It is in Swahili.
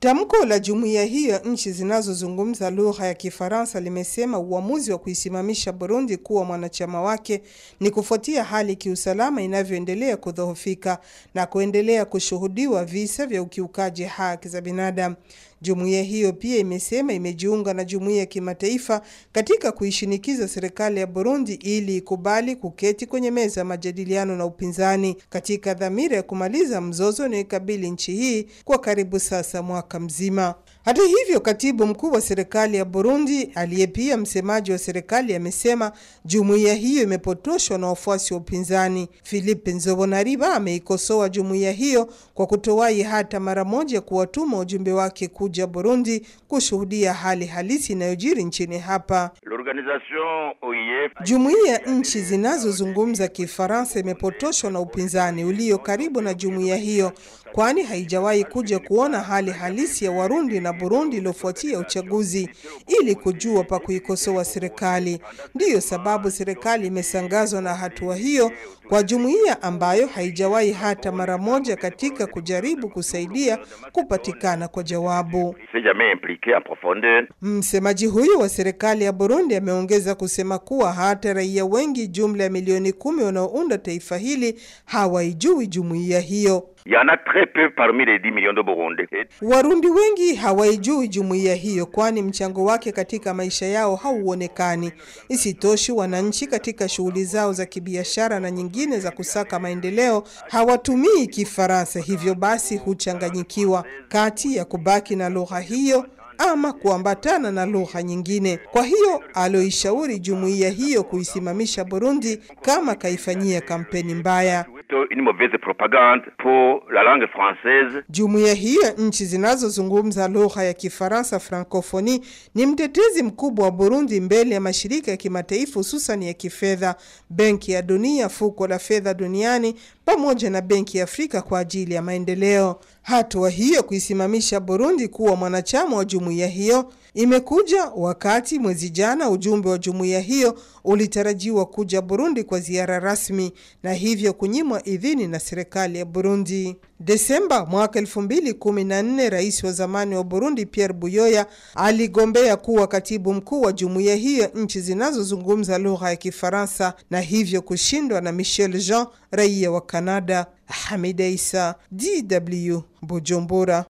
Tamko la jumuiya hiyo nchi zinazozungumza lugha ya Kifaransa limesema uamuzi wa kuisimamisha Burundi kuwa mwanachama wake ni kufuatia hali kiusalama inavyoendelea kudhoofika na kuendelea kushuhudiwa visa vya ukiukaji haki za binadamu. Jumuiya hiyo pia imesema imejiunga na jumuiya ya kimataifa katika kuishinikiza serikali ya Burundi ili ikubali kuketi kwenye meza ya majadiliano na upinzani katika dhamira ya kumaliza mzozo unaoikabili nchi hii kwa karibu sasa mwaka mwaka mzima. Hata hivyo, katibu mkuu wa serikali ya Burundi aliye pia msemaji wa serikali amesema jumuiya hiyo imepotoshwa na wafuasi wa upinzani. Philippe Nzobonariba ameikosoa jumuiya hiyo kwa kutowahi hata mara moja kuwatuma ujumbe wake kuja Burundi kushuhudia hali halisi inayojiri nchini hapa. E jumuiya ya nchi zinazozungumza Kifaransa imepotoshwa na upinzani ulio karibu na jumuiya hiyo, kwani haijawahi kuja kuona hali halisi ya Warundi na Burundi iliyofuatia uchaguzi ili kujua pa kuikosoa serikali. Ndiyo sababu serikali imesangazwa na hatua hiyo kwa jumuiya ambayo haijawahi hata mara moja katika kujaribu kusaidia kupatikana kwa jawabu. Msemaji huyu wa serikali ya Burundi ameongeza kusema kuwa hata raia wengi, jumla ya milioni kumi wanaounda taifa hili hawaijui jumuiya hiyo. Warundi wengi hawaijui jumuiya hiyo, kwani mchango wake katika maisha yao hauonekani. Isitoshi, wananchi katika shughuli zao za kibiashara na nyingine za kusaka maendeleo hawatumii Kifaransa, hivyo basi huchanganyikiwa kati ya kubaki na lugha hiyo ama kuambatana na lugha nyingine. Kwa hiyo aloishauri jumuiya hiyo kuisimamisha Burundi kama kaifanyia kampeni mbaya plutôt une mauvaise propagande pour la langue française. Jumuiya hii nchi zinazozungumza lugha ya Kifaransa Francophonie ni mtetezi mkubwa wa Burundi mbele ya mashirika ya kimataifa hususan ya kifedha, Benki ya Dunia, Fuko la Fedha Duniani pamoja na Benki ya Afrika kwa ajili ya maendeleo. Hatua hiyo kuisimamisha Burundi kuwa mwanachama wa jumuiya hiyo imekuja wakati mwezi jana ujumbe wa jumuiya hiyo ulitarajiwa kuja Burundi kwa ziara rasmi na hivyo kunyimwa kupewa idhini na serikali ya Burundi. Desemba mwaka 2014, rais wa zamani wa Burundi Pierre Buyoya aligombea kuwa katibu mkuu wa jumuiya hiyo nchi zinazozungumza lugha ya Kifaransa na hivyo kushindwa na Michel Jean, raia wa canada Hamida Isa, DW, Bujumbura.